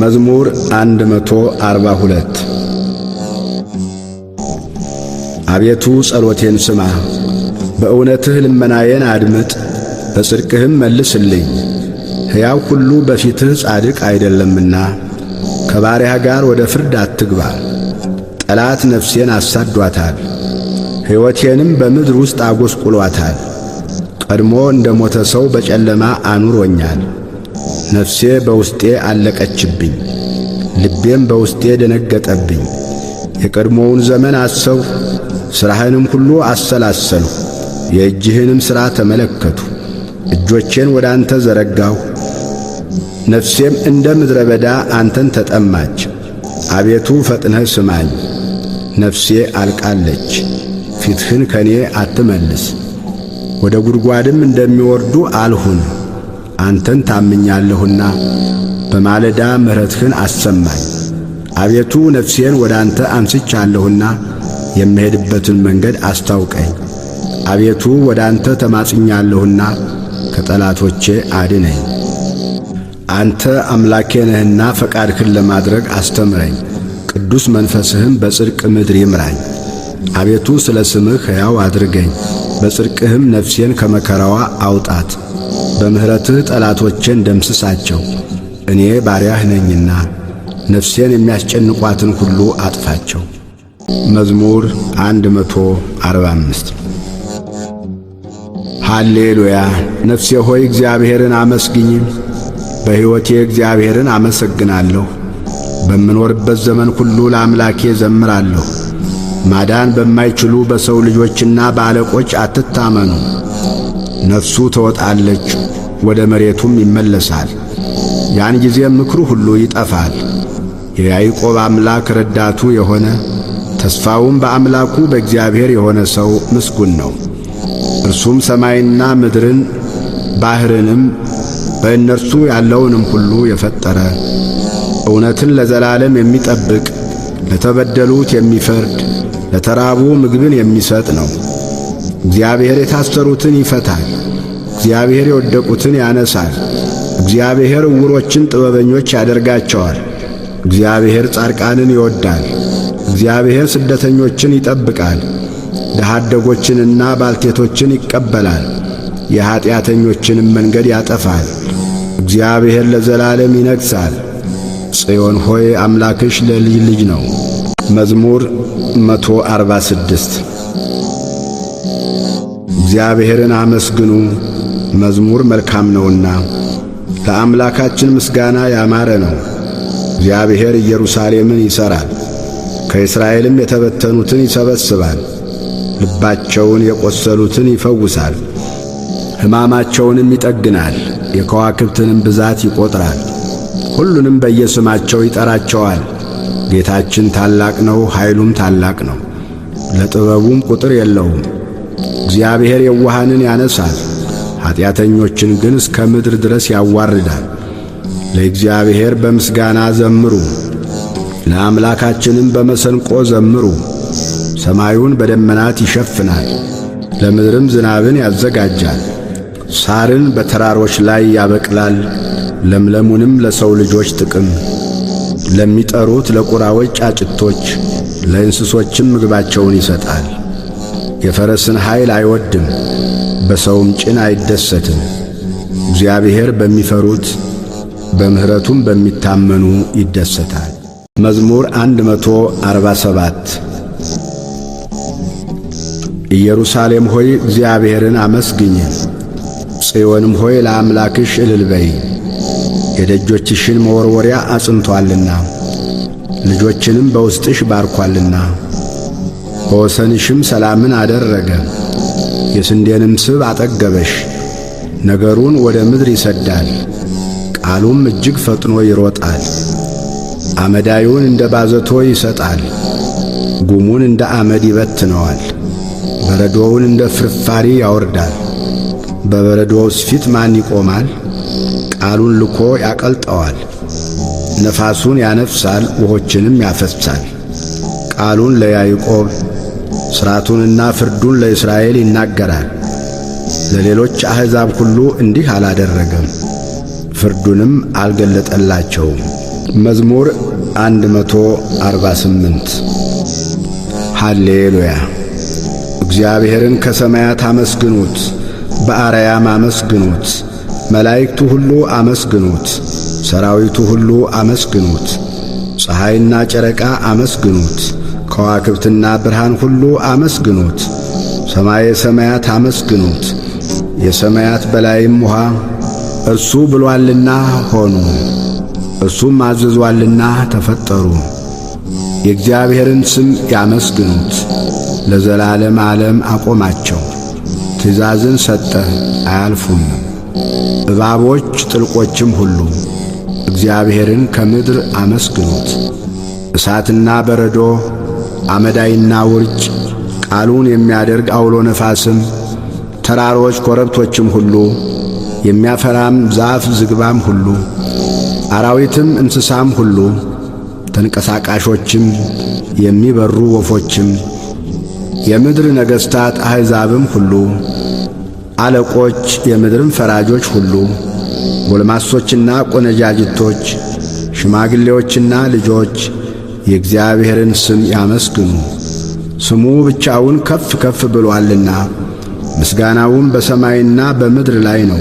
መዝሙር 142 አቤቱ ጸሎቴን ስማ፣ በእውነትህ ልመናዬን አድምጥ፣ በጽድቅህም መልስልኝ። ሕያው ሁሉ በፊትህ ጻድቅ አይደለምና ከባሪያ ጋር ወደ ፍርድ አትግባ። ጠላት ነፍሴን አሳዷታል፣ ሕይወቴንም በምድር ውስጥ አጐስቁሏታል። ቀድሞ እንደ ሞተ ሰው በጨለማ አኑሮኛል። ነፍሴ በውስጤ አለቀችብኝ፣ ልቤም በውስጤ ደነገጠብኝ። የቀድሞውን ዘመን አሰብሁ፣ ሥራህንም ሁሉ አሰላሰልሁ፣ የእጅህንም ሥራ ተመለከቱ። እጆቼን ወደ አንተ ዘረጋሁ፣ ነፍሴም እንደ ምድረ በዳ አንተን ተጠማች። አቤቱ ፈጥነህ ስማኝ፣ ነፍሴ አልቃለች። ፊትህን ከኔ አትመልስ፣ ወደ ጒድጓድም እንደሚወርዱ አልሁን። አንተን ታምኛለሁና በማለዳ ምሕረትህን አሰማኝ። አቤቱ ነፍሴን ወደ አንተ አንስቻለሁና የምሄድበትን መንገድ አስታውቀኝ። አቤቱ ወደ አንተ ተማጽኛለሁና ከጠላቶቼ አድነኝ። አንተ አምላኬ ነህና ፈቃድህን ለማድረግ አስተምረኝ፣ ቅዱስ መንፈስህም በጽድቅ ምድር ይምራኝ። አቤቱ ስለ ስምህ ሕያው አድርገኝ፣ በጽድቅህም ነፍሴን ከመከራዋ አውጣት። በምሕረትህ ጠላቶቼን ደምስሳቸው፣ እኔ ባሪያህ ነኝና ነፍሴን የሚያስጨንቋትን ሁሉ አጥፋቸው። መዝሙር 145 መቶ ሃሌሉያ ነፍሴ ሆይ እግዚአብሔርን አመስግኝ። በሕይወቴ እግዚአብሔርን አመሰግናለሁ። በምኖርበት ዘመን ሁሉ ለአምላኬ ዘምራለሁ። ማዳን በማይችሉ በሰው ልጆችና በአለቆች አትታመኑ። ነፍሱ ትወጣለች፣ ወደ መሬቱም ይመለሳል። ያን ጊዜም ምክሩ ሁሉ ይጠፋል። የያዕቆብ አምላክ ረዳቱ የሆነ ተስፋውም በአምላኩ በእግዚአብሔር የሆነ ሰው ምስጉን ነው። እርሱም ሰማይና ምድርን ባሕርንም በእነርሱ ያለውንም ሁሉ የፈጠረ እውነትን ለዘላለም የሚጠብቅ ለተበደሉት የሚፈርድ ለተራቡ ምግብን የሚሰጥ ነው። እግዚአብሔር የታሰሩትን ይፈታል፣ እግዚአብሔር የወደቁትን ያነሳል። እግዚአብሔር ዕውሮችን ጥበበኞች ያደርጋቸዋል። እግዚአብሔር ጻድቃንን ይወዳል። እግዚአብሔር ስደተኞችን ይጠብቃል። ድሀ ባልቴቶችን ይቀበላል። የኀጢአተኞችንም መንገድ ያጠፋል። እግዚአብሔር ለዘላለም ይነግሣል። ጽዮን ሆይ አምላክሽ ለልጅ ልጅ ነው። መዝሙር 146 እግዚአብሔርን አመስግኑ መዝሙር መልካም ነውና ለአምላካችን ምስጋና ያማረ ነው። እግዚአብሔር ኢየሩሳሌምን ይሠራል፣ ከእስራኤልም የተበተኑትን ይሰበስባል። ልባቸውን የቈሰሉትን ይፈውሳል፣ ሕማማቸውንም ይጠግናል። የከዋክብትንም ብዛት ይቈጥራል፣ ሁሉንም በየስማቸው ይጠራቸዋል። ጌታችን ታላቅ ነው፣ ኃይሉም ታላቅ ነው፣ ለጥበቡም ቁጥር የለውም። እግዚአብሔር የዋሃንን ያነሳል ኀጢአተኞችን ግን እስከ ምድር ድረስ ያዋርዳል። ለእግዚአብሔር በምስጋና ዘምሩ፣ ለአምላካችንም በመሰንቆ ዘምሩ። ሰማዩን በደመናት ይሸፍናል፣ ለምድርም ዝናብን ያዘጋጃል። ሳርን በተራሮች ላይ ያበቅላል፣ ለምለሙንም ለሰው ልጆች ጥቅም፣ ለሚጠሩት ለቁራዎች ጫጭቶች፣ ለእንስሶችም ምግባቸውን ይሰጣል። የፈረስን ኃይል አይወድም። በሰውም ጭን አይደሰትም። እግዚአብሔር በሚፈሩት በምሕረቱም በሚታመኑ ይደሰታል። መዝሙር 147 ኢየሩሳሌም ሆይ እግዚአብሔርን አመስግኝ፣ ጽዮንም ሆይ ለአምላክሽ እልልበይ። የደጆችሽን መወርወሪያ አጽንቶአልና ልጆችንም በውስጥሽ ባርኳልና በወሰንሽም ሰላምን አደረገ። የስንዴንም ስብ አጠገበሽ። ነገሩን ወደ ምድር ይሰዳል፣ ቃሉም እጅግ ፈጥኖ ይሮጣል። አመዳዩን እንደ ባዘቶ ይሰጣል፣ ጉሙን እንደ አመድ ይበትነዋል። በረዶውን እንደ ፍርፋሪ ያወርዳል። በበረዶውስ ፊት ማን ይቆማል? ቃሉን ልኮ ያቀልጠዋል። ነፋሱን ያነፍሳል፣ ውሆችንም ያፈሳል። ቃሉን ለያዕቆብ ሥርዓቱንና ፍርዱን ለእስራኤል ይናገራል። ለሌሎች አሕዛብ ሁሉ እንዲህ አላደረገም፣ ፍርዱንም አልገለጠላቸውም። መዝሙር 148 ሃሌሉያ። እግዚአብሔርን ከሰማያት አመስግኑት፣ በአርያም አመስግኑት፣ መላእክቱ ሁሉ አመስግኑት፣ ሰራዊቱ ሁሉ አመስግኑት፣ ፀሐይና ጨረቃ አመስግኑት ከዋክብትና ብርሃን ሁሉ አመስግኑት። ሰማየ ሰማያት አመስግኑት። የሰማያት በላይም ውሃ እርሱ ብሏልና ሆኑ፣ እርሱም አዘዟልና ተፈጠሩ። የእግዚአብሔርን ስም ያመስግኑት። ለዘላለም ዓለም አቆማቸው። ትእዛዝን ሰጠ አያልፉም። እባቦች ጥልቆችም ሁሉ እግዚአብሔርን ከምድር አመስግኑት። እሳትና በረዶ አመዳይና ውርጭ ቃሉን የሚያደርግ አውሎ ነፋስም ተራሮች ኮረብቶችም ሁሉ የሚያፈራም ዛፍ ዝግባም ሁሉ አራዊትም እንስሳም ሁሉ ተንቀሳቃሾችም የሚበሩ ወፎችም የምድር ነገሥታት አሕዛብም ሁሉ አለቆች የምድርም ፈራጆች ሁሉ ጎልማሶችና ቆነጃጅቶች ሽማግሌዎችና ልጆች የእግዚአብሔርን ስም ያመስግኑ፣ ስሙ ብቻውን ከፍ ከፍ ብሎአልና፣ ምስጋናውም በሰማይና በምድር ላይ ነው።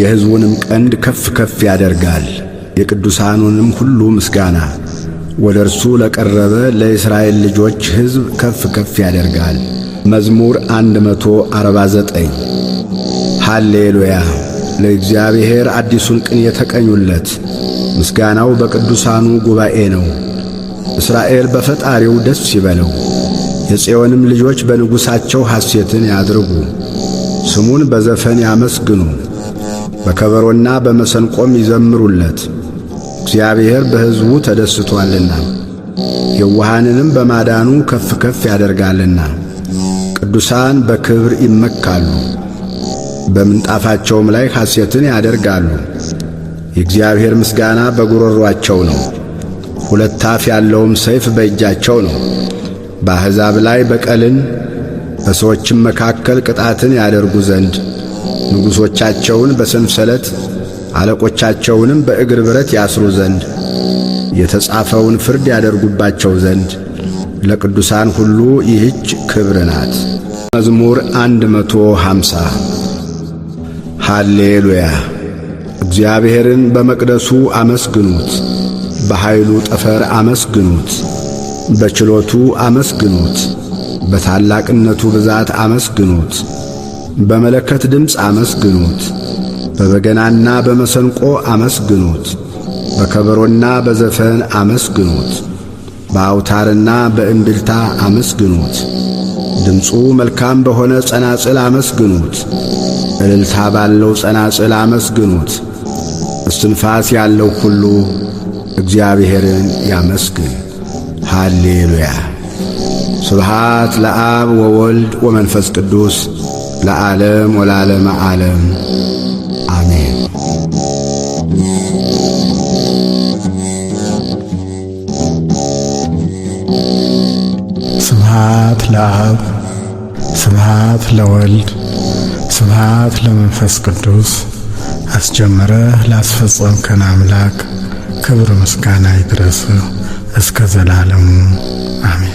የሕዝቡንም ቀንድ ከፍ ከፍ ያደርጋል፣ የቅዱሳኑንም ሁሉ ምስጋና ወደ እርሱ ለቀረበ ለእስራኤል ልጆች ሕዝብ ከፍ ከፍ ያደርጋል። መዝሙር 149 ሃሌሉያ ለእግዚአብሔር አዲሱን ቅኔ የተቀኙለት ምስጋናው በቅዱሳኑ ጉባኤ ነው። እስራኤል በፈጣሪው ደስ ይበለው፣ የጽዮንም ልጆች በንጉሣቸው ሐሴትን ያድርጉ። ስሙን በዘፈን ያመስግኑ፣ በከበሮና በመሰንቆም ይዘምሩለት። እግዚአብሔር በሕዝቡ ተደስቶአልና የዋሃንንም በማዳኑ ከፍ ከፍ ያደርጋልና። ቅዱሳን በክብር ይመካሉ፣ በምንጣፋቸውም ላይ ሐሴትን ያደርጋሉ። የእግዚአብሔር ምስጋና በጉሮሯቸው ነው። ሁለት አፍ ያለውም ሰይፍ በእጃቸው ነው። በአሕዛብ ላይ በቀልን በሰዎችም መካከል ቅጣትን ያደርጉ ዘንድ ንጉሶቻቸውን በሰንሰለት አለቆቻቸውንም በእግር ብረት ያስሩ ዘንድ የተጻፈውን ፍርድ ያደርጉባቸው ዘንድ ለቅዱሳን ሁሉ ይህች ክብር ናት። መዝሙር 150 ሃሌሉያ። እግዚአብሔርን በመቅደሱ አመስግኑት። በኃይሉ ጠፈር አመስግኑት፣ በችሎቱ አመስግኑት፣ በታላቅነቱ ብዛት አመስግኑት፣ በመለከት ድምፅ አመስግኑት፣ በበገናና በመሰንቆ አመስግኑት፣ በከበሮና በዘፈን አመስግኑት፣ በአውታርና በእንድልታ አመስግኑት። ድምፁ መልካም በሆነ ጸናጽል አመስግኑት፣ እልልታ ባለው ጸናጽል አመስግኑት። እስትንፋስ ያለው ሁሉ እግዚአብሔርን ያመስግን። ሃሌሉያ። ስብሃት ለአብ ወወልድ ወመንፈስ ቅዱስ ለዓለም ወላለመ ዓለም አሜን። ስብሃት ለአብ ስብሃት ለወልድ ስብሃት ለመንፈስ ቅዱስ አስጀመረ ላስፈጸምከን አምላክ ክብር ምስጋና ይድረስ እስከ ዘላለሙ አሜን።